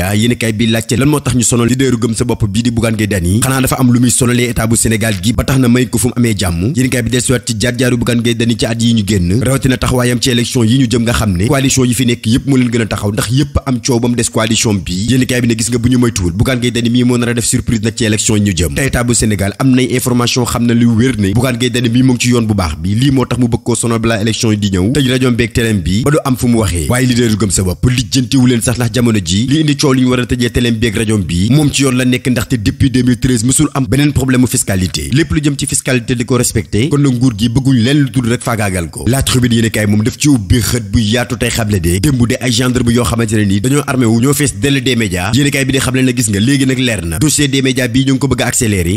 média yéen kay bi laajte lan moo tax ñu sonal leaderu gëm sa bopp bii di Bougane Gueye Dany a mii moo ci yoon bu baax bi lii moo tax mu bëgg koo sonal balaa élection di ñëw tëj rajoom beeg terrain bi ba du am fu mu waxee waaye leaderu gëm sa bopp lijjantiwu leen sax ndax jamono ji li indi coow coow li ñu war a tëjee teleem bi ak rajoom bii moom ci yoon la nekk ndaxte depuis 2013 mësul am beneen problème mu lépp lu jëm ci fiscalité di ko respecté kon na nguur gi bëgguñ leen lu tudd rek faagaagal ko La Tribune yéen moom daf ci ubbi xët bu yaatu tey xamle de démb de ay gendarme yoo xamante ne ni dañoo armé ñoo fees dell des médias yéen bi di xamle na gis nga léegi nag leer na dossier des médias bii ñu ngi ko bëgg a accéléré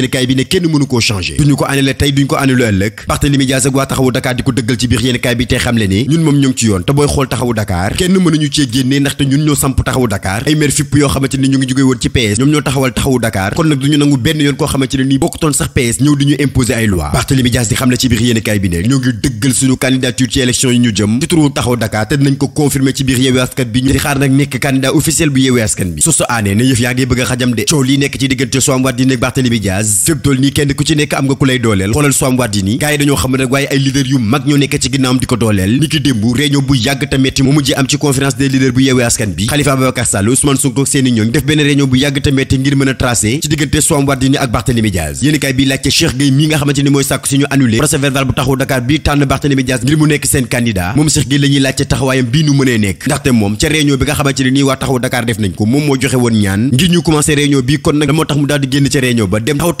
yéenekaay bi ne ñu nangu benn yoon koo xamante ne nii sax PS ñëw di ñu imposer ay loi Barthélémy Dias di xaar nag nekk candidat officiel bu Yewwi Askan bi su su aanee ne yëf yaa ngi bëgg xajam de coow lii nekk ci diggante Soham Wardini ak Barthélémy Dias fi mu toll nii kenn ku ci nekk am nga ku lay dooleel xoolal Soham Wardini gars yi dañoo xam ne nag ni ki démb réunion bu yàgg te metti mu mujjee am a tracé ci diggante moom Cheikh Gueye la laajte taxawaayam bii nu mënee nekk ndaxte moom ca réunion bi nga xamante ni nii waa taxawu Dakar def nañ ko moom moo joxe woon ñaan ngir ñu commencé réunion bi kon nag moo tax mu daal génn ca réunion ba dem taxaw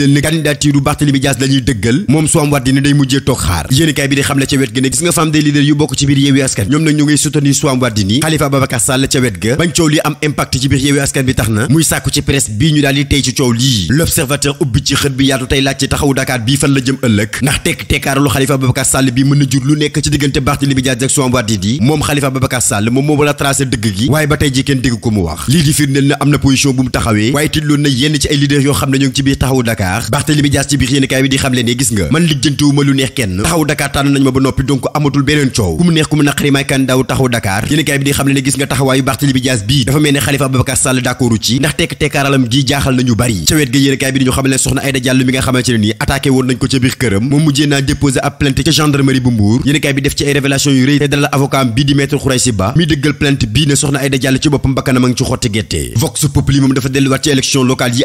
firndeel ne candidature bu lañuy dëggal moom Soham Wardini day mujjee toog xaar yéeni bi di xam la ca wet ga ne gis nga femme des leaders yu bokk bi tax na muy sàkku ci presse bii di tey ci coow lii l'observateur ubbi bi yaatu tey laaj ci taxawu Dakar bii fan moom moom moo wala tracé dëgg gi waaye ba tey ji kenn dégg ko mu wax lii di firndeel na am na position bu mu taxawee waaye tiit loon na yenn ci ay leaders yoo Dakar Barthélémy Dias ci biir yéenekaay bi di xam ne gis nga man lijjantiwuma lu neex kenn taxaw Dakar tànn nañu ma ba noppi donc amatul beneen coow ku neex ku naqari may kandidaaw taxaw Dakar yéenekaay bi di xam ne gis nga taxawaayu Barthélémy Dias bii dafa mel ne Khalifa Ababacar Sall d'accordu ci ndax tekk tekkaaralam gi jaaxal nañu bari ca wet ga yéenekaay bi di ñu ne soxna Aïda Diallo mi nga xamante ne nii attaqué woon nañ ko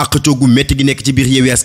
ca a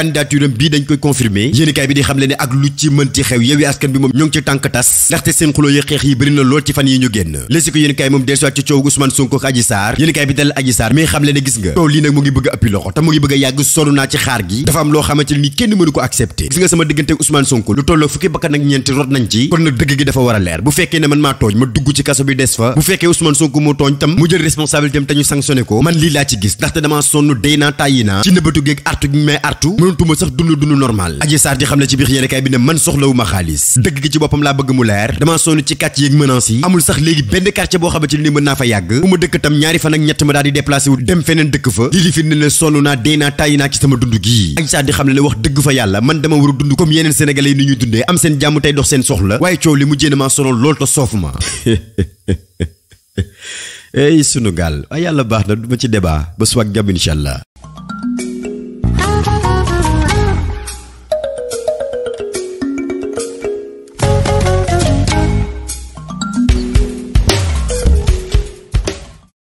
candidature am bii dañ koy confirmer yéenekaay bi di xam le ak lu ci mënti xew Yewwi Askan bi moom ñoo ci tànk tas ndaxte seen xuloo yi xeex yi bëri na lool ci fan yi ñu génn Les Échos yéenekaay bi dafa am loo xamante ni kenn mënu ko accepter gis nga sama diggante Ousmane Sonko lu tolloo fukki bakkan ak ñeenti rot nañ ci kon nag dëgg gi dafa war a leer bu fekkee ne man maa tooñ ma dugg ci kaso bi des fa bu fekkee Ousmane Sonko moo tooñ tam mu mënatuma sax dund dund normal Adji Sarr di xam ne ci biir yéenekaay bi ne man soxlawuma xaalis dëgg gi ci boppam laa bëgg mu leer damaa sonn ci quartier yeeg menaces yi amul sax léegi benn quartier boo xamante ni lii li ne sonn naa dee naa tàyyi naa ci sama dund gii Adji di xam ne ne wax dëgg fa yàlla man dama war a dund comme yeneen sénégalais yi ni ñuy dundee am seen jàmm tey dox seen soxla waaye coow li mu jénn maa sonal lool te soofu ma ey sunu gaal ay baax na du ma ci débat ba suwaag jàmm incha allah